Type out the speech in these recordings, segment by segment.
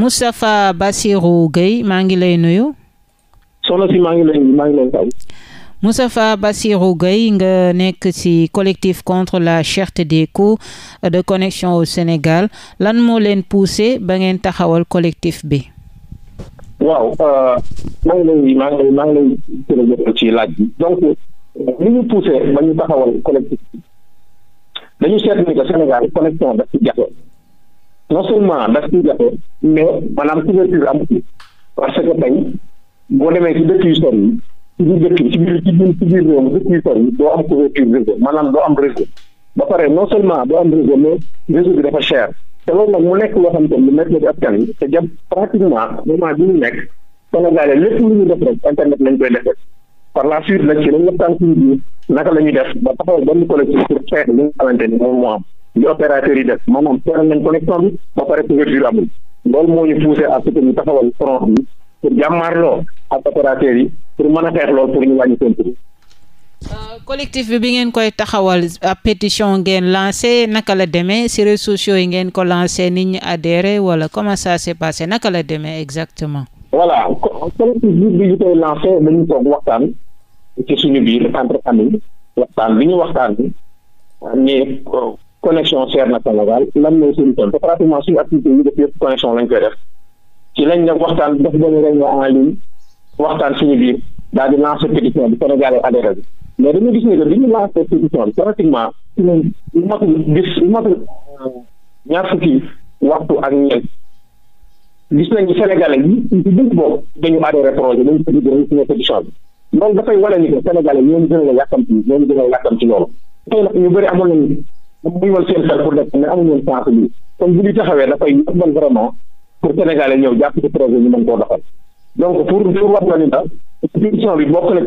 Moustapha Bassirou Guèye maa ngi lay nuyu. soxna si maa ngi lay maa ngi lay Moustapha Bassirou Guèye nga nekk si collectif contre la cherté des coûts de connexion au Sénégal lan moo leen poussé ba ngeen taxawal collectif bi. waaw euh, maa ngi lay maa ngi lay maa ngi ci laaj bi donc euh, li ñu poussé ba ñu taxawal collectif bi dañu seetlu ni que Sénégal connexion daf ci jafe. non seulement daf ciy jafe mais maanaam couverture am parce que tey boo demee ci dëkk yu sonn yi ci biir dëkk ci biir ci biir ci biir réew mi dëkk yu sonn yi doo am couverture réseau maanaam doo am réseau ba pare non seulement doo am réseau mais réseau bi dafa cher te loolu nag mu nekk loo xam te lu nekk la ci askan yi te jàpp pratiquement moment bi ñu nekk Sénégalais lépp lu ñu def rek internet lañ koy defee par la suite nag ci lañ la naka la ñuy def ba taxawal benn collectif li nga xamante ni moom moo am li opérateur yi def moom moom teeral nañ connexion bi ba pare couverture amul loolu moo ñu poussé à ce que ñu taxawal front bi pour jàmmaarloo ak opérateur yi pour mën a xeex lool pour ñu wàññi seen prix euh, collectif bi bi ngeen koy taxawal ab pétition ngeen lancé naka la demee si réseaux sociaux yi ngeen ko lancé nit ñi adhéré wala comment ça s'est passé naka la demee exactement voilà collectif bi bi ñu koy lancé dañu toog waxtaan ci suñu biir entre amis connexion seer na Sénégal lan mooy solution te pratiquement suñu activité yi def yëpp connexion lañ koy def ci lañ nag waxtaan def benn réunion en ligne waxtaan suñu biir daal di lancer pétition bi Sénégal yi adhéré bi mais dañu gis ne bi ñu lancer pétition bi euh, yi ci bëgg boobu dañu adhéré projet dañu ko suñu pétition bi loolu dafay wane ni que Sénégalais ñoo ñu a la yàkkam ci ñoo ñu a la yàkkam ci loolu tey ñu bëri amoon nañu muy woon seen xel pour def ne amuñu woon chance bi kon bu ñu taxawee dafay yombal vraiment pour Sénégalais ñëw jàpp ci projet ñu mën koo doxal donc pour pour wax la ni la pétition bi bokk na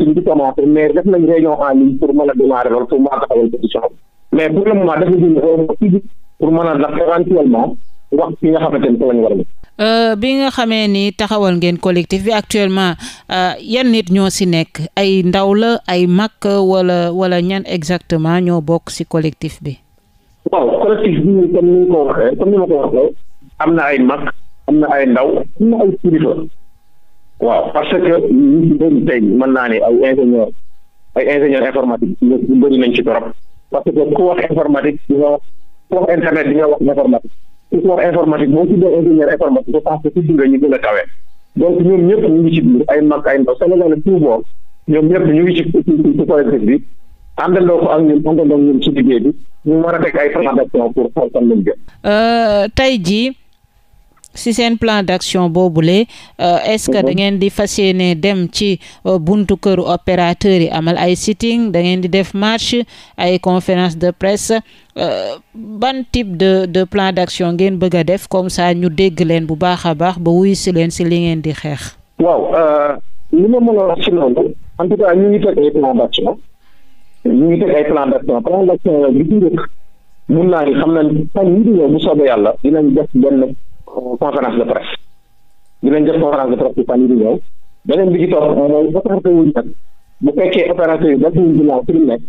def nañ réunion en ligne pour mën a démarrer loolu pour mën a taxawal pétition pour le moment def nañu réunion pour mën a ndax éventuellement wax fi nga xamante ni lañ war euh, bi nga xamee ni taxawal ngeen collectif bi actuellement euh, yan nit ñoo si nekk ay ndaw la ay mag wala wala ñan exactement ñoo bokk si collectif bi. waaw collectif bi comme ni nga ko waxee comme ni ma ko waxee am na ay mag am na ay ndaw am na ay kilifa waaw parce que ñu ci bëri tey mën naa ni ay ingénieur ay ingénieur informatique ñu bëri nañ ci torop parce que ku wax informatique wax ku wax internet di nga wax informatique ku wax informatique boo tuddee ingénieur informatique parce que tudd nga ñu gën a kawe donc ñoom ñëpp ñu ngi ci biir ay mag ay ndaw Sénégal tout bon ñoom ñëpp ñu ngi ci àndandoo ko ak ñun àndandoo ñun ci liggéey bi ñu war a ay plan d'action pour xool fan lañ jëm. Euh, tey jii si seen plan d'action boobule euh, est-ce que mhm. da ngeen di fas ne dem ci euh, buntu këru opérateur yi amal ay sitting da ngeen di def marché ay conférence de presse ban type de de plan d'action ngeen bëgg a def comme ça ñu dégg leen bu baax a baax ba wuyu si leen si li ngeen di xeex. waaw li ma mën a wax ci noonu tout cas ñu ngi teg ay plan d'action. ñu ngi teg ay plan d'action plan d'action yooyu bi ci njëkk mun naa ni xam nañ fan yii di ñëw bu soobee yàlla dinañ def benn euh, conférence de presse dinañ def conférence de presse bi fan yii di ñëw beneen bi ci topp mooy écarter wuñ nag bu fekkee opérateur yi def wuñ bilan fi mu nekk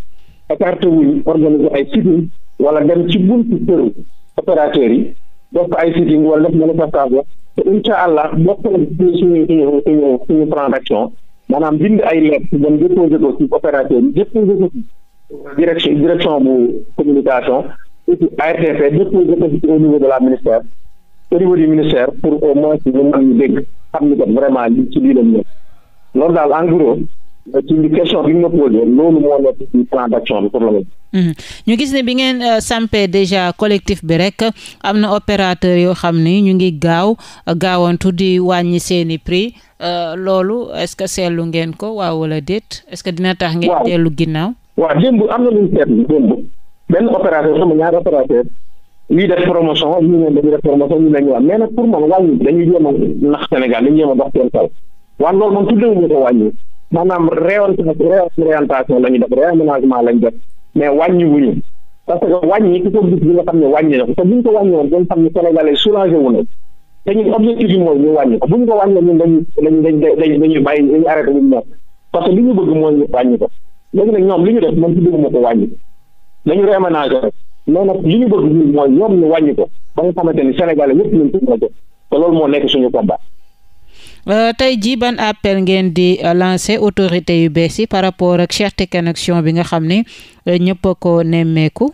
écarter wuñ organiser ay sitting wala dem ci buntu këru opérateur yi def ay sitting wala def manifestation te incha allah bokk na suñu suñu suñu suñu plan d'action maanaam bind ay lettre dem déposé ko ci opérateur bi déposé ko ci direction direction bu communication et puis ARTP déposé ko ci au niveau de la ministère au niveau du ministère pour au moins m mën m dégg xam ni ko vraiment li ci lii loolu daal en Euh, ci question bi nga posé loolu moo nekk ci plan d'action bi pour le moment. Mhm. ñu gis ne bi ngeen euh, sampee déjà collectif bi rek am na opérateur yoo xam ni ñu ngi gaaw gaawantu di wàññi seeni prix euh, loolu est-ce que seetlu ngeen ko waaw wala déet est-ce que dina tax ngeen dellu ginnaaw waaw démb am na lu ñu seetlu démb benn opérateur sama ñaari opérateur ñuy def promotion ñu ne dañuy def promotion ñu ne ñu am mais nag pour man wàññi dañuy jéem a nax Sénégal dañuy jéem a dox seen kaw ñu ko maanaam réorientation la ñu def réaménagement lañ def mais wàññi wuñu parce que wàññi ku ko gis bi nga xam ne wàññi na ko te bu ñu wàññi woon dañ xam ne sénégalais na ñu wàññi ko bu ñu ko wàññi ñun dañu dañ dañ dañ dañuy bàyyi ñu parce que li ñu bëgg mooy ñu wàññi ko léegi nag ñoom li ñu def man si bëgguma ko wàññi dañu réaménagé rek mais nag li ñu bëgg ñun mooy ñoom ñu wàññi ko ba nga xamante ni sénégalais yëpp ñun suñu la jot te loolu moo nekk suñu combat Euh, tey jii ban appel ngeen di euh, lancé autorité yu bees yi par rapport ak cherté connexion bi nga xam ne euh, ñëpp a ko nemmeeku.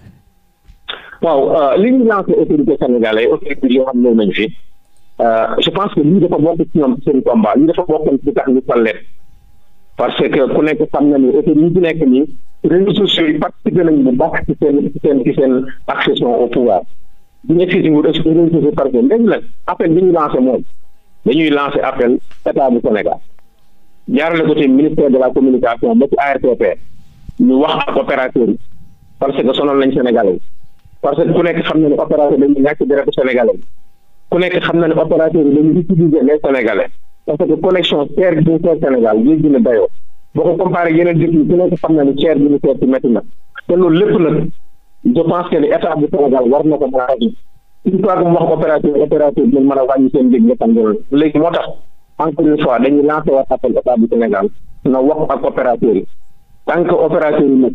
waaw li ñu lancer autorité sénégalais autorité yoo xam ne fi je pense que lii dafa bokk ci ñoom seen combat dafa bokk ci tax ñu fal parce que ku nekk xam na ni autorité yi nekk nii réseaux sociaux yi participé nañ bu baax ci seen ci seen accession au pouvoir bu ñu exige nguur réseaux sociaux par exemple léegi nag appel bi ñu lancé dañuy lancer appel état bu Sénégal jaarale ko ci ministère de la communication ba ci ARTP ñu wax ak opérateur yi parce que sonal nañ Sénégalais yi parce que ku nekk xam na ne opérateur dañuy ñàkk deretu Sénégalais ku nekk xam na ne opérateur yi dañuy utiliser les Sénégalais parce que connexion cher bi ñu seer Sénégal jéggi na dayoo boo ko comparé yeneen dëkk yi ku nekk xam na ne cher bi ñu seer ci métti te loolu lépp nag je pense que ni état une fois que mu wax opérateur opérateur bi man a wàññi seen njëg tàngoor léegi moo tax encore une fois dañuy lancer waat appel état bu Sénégal na wax ak opérateur yi tant que opérateur yi nag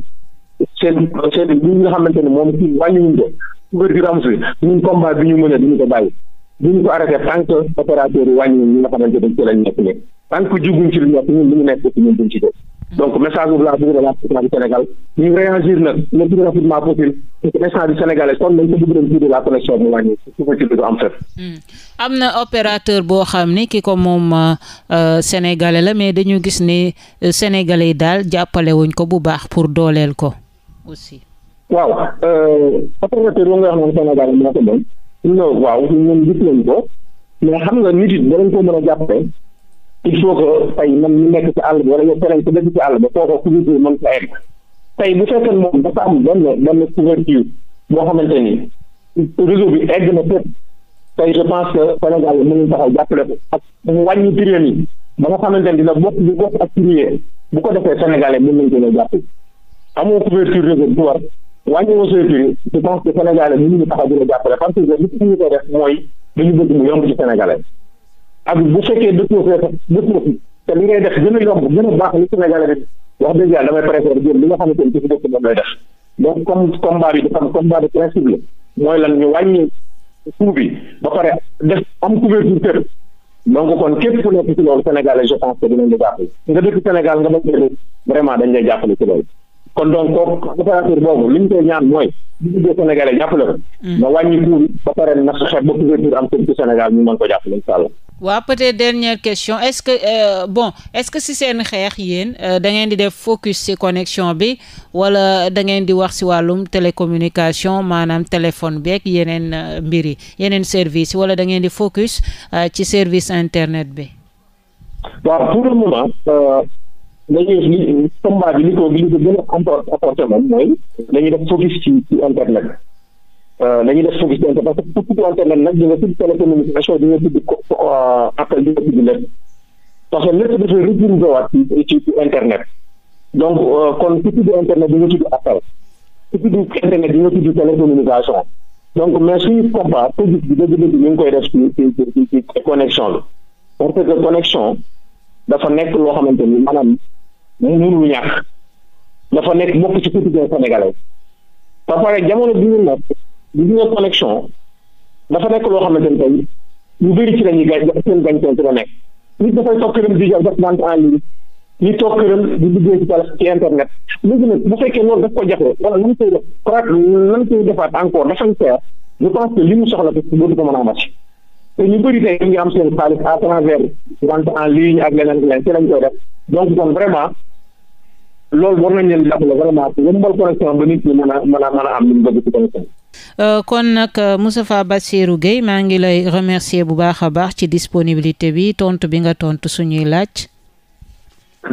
seen seen li nga xamante ne moom kii wàññiwuñ ko wér gi ram fi ñun combat bi ñu mën a duñu ko bàyyi duñu ko arrêté tant que opérateur yi wàññiwuñ ñi nga xamante ne ci lañ nekk nii tant que ci lu ñor ñun lu nekk ci ñun ci donc message boobu laa bëgg a laaj état du Sénégal nag le ko bëgg leen tuddee am na opérateur boo xam ne ki ko moom euh, sénégalais la mais dañu gis ni euh, sénégalais yi daal jàppale wuñ ko bu baax pour dooleel ko aussi. waaw euh, opérateur boo nga xam ne Sénégal moo ko moom. non waaw ñun gis nañ ko mais xam nga nit it danañ ko mën a jàppale. il faut que tey man ñu nekk ci àll bi wala yow keneen ku nekk ci àll ba kooku couverture mën ko egg tey bu fekkee moom dafa am benn benn couverture boo xamante ni réseau bi egg na fépp tey je pense que Sénégal yi mënuñ taxaw jàppale ko ak mu wàññi période yi ba nga xamante ni dina bokk bi bokk ak période bu ko defee Sénégalais mën nañ gën a jàpp amoo couverture réseau bi war wàññiwoo sa prix je pense que Sénégalais taxaw a jàppale parce que li ñu ko def mooy dañu bëgg mu yomb ci Sénégalais ak bu fekkee dëppoo fee dëppoo fi te li ngay def gën a yomb gën a baax li Sénégal rek wax dëgg yàlla damay préféré jël li nga xamante ni ci fi dëkk moom lay def donc comme combat bi dafa am combat de principe la mooy lan ñu wàññi coût bi ba pare def am couverture fépp donc kon képp ku nekk ci loolu Sénégalais je pense que dinañ la jàppale nga dëkk Sénégal nga bañ a vraiment dañ lay jàppale ci loolu kon donc kooku opérateur boobu li ñu koy ñaan mooy li ñu tuddee Sénégalais jàppale ko. Mm. nga wàññi kuur ba pare na fexe ba couverture am ci Sénégal ñu mën ko jàppale incha allah. waaw peut-être dernière question est-ce que euh, bon est-ce que si seen xeex yéen euh, da ngeen di def focus ci connexion bi walla da ngeen di wax si wàllum télécommunication maanaam téléphone bi yeneen euh, mbir yi yeneen service walla da ngeen di focus ci service internet bi. waaw pour le moment. dañuy bi li ko li ko gën a apporté moom mooy dañuy def focus ci ci euh, def focus parce que surtout internet nag di nga tudd télécommunication di donc euh, kon ku tudd internet di nga tudd appel ku tudd internet mais suñu combat focus bi dëgg-dëgg ñu ngi koy def ci ci ci ci dafa nekk loo xamante ni maanaam mu mënul ñàkk dafa nekk bokk ci quotidien sénégalais ba pare jamono bi ñu nekk bi ñu ne connexion dafa nekk loo xamante ne tey ñu bëri ci la ñuy gañ seen gañtoon ci la nekk nit dafay toog këram di def vente en ligne ñu toog këram di liggéey ci wàllu ci internet léegi bu fekkee noonu daf ko jafe wala nan koy def croit nan koy defaat encore dafay seer je li mu soxla te dootu ko mën a amati te ñu bëri tey ñu am seen xaalis à travers vente en ligne ak leneen leneen ci kon vraiment loolu war nañ leen jàppale vraiment yombal connexion ba nit ñi mën a mën a mën a am lu mu bëgg ci euh, kon nag euh, Moustapha Bassirou Guèye maa ngi lay remercier bu baax a baax ci disponibilité bi tontu bi nga tontu suñuy laaj.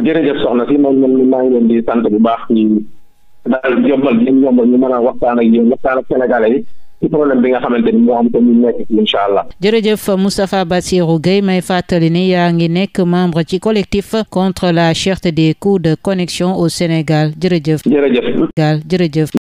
jërëjëf soxna si moom man maa ngi di sant bu baax ñu daal yombal ñu yombal ñu mën a waxtaan ak yéen waxtaan ak sénégalais yi. ci problème bi nga xamante ni moo am te ñu nekk ci incha allah. jërëjëf Moustapha Bassirou Guèye may fàttali ni yaa ngi nekk membre ci collectif contre la cherté des coûts de connexion au Sénégal jërëjëf. jërëjëf.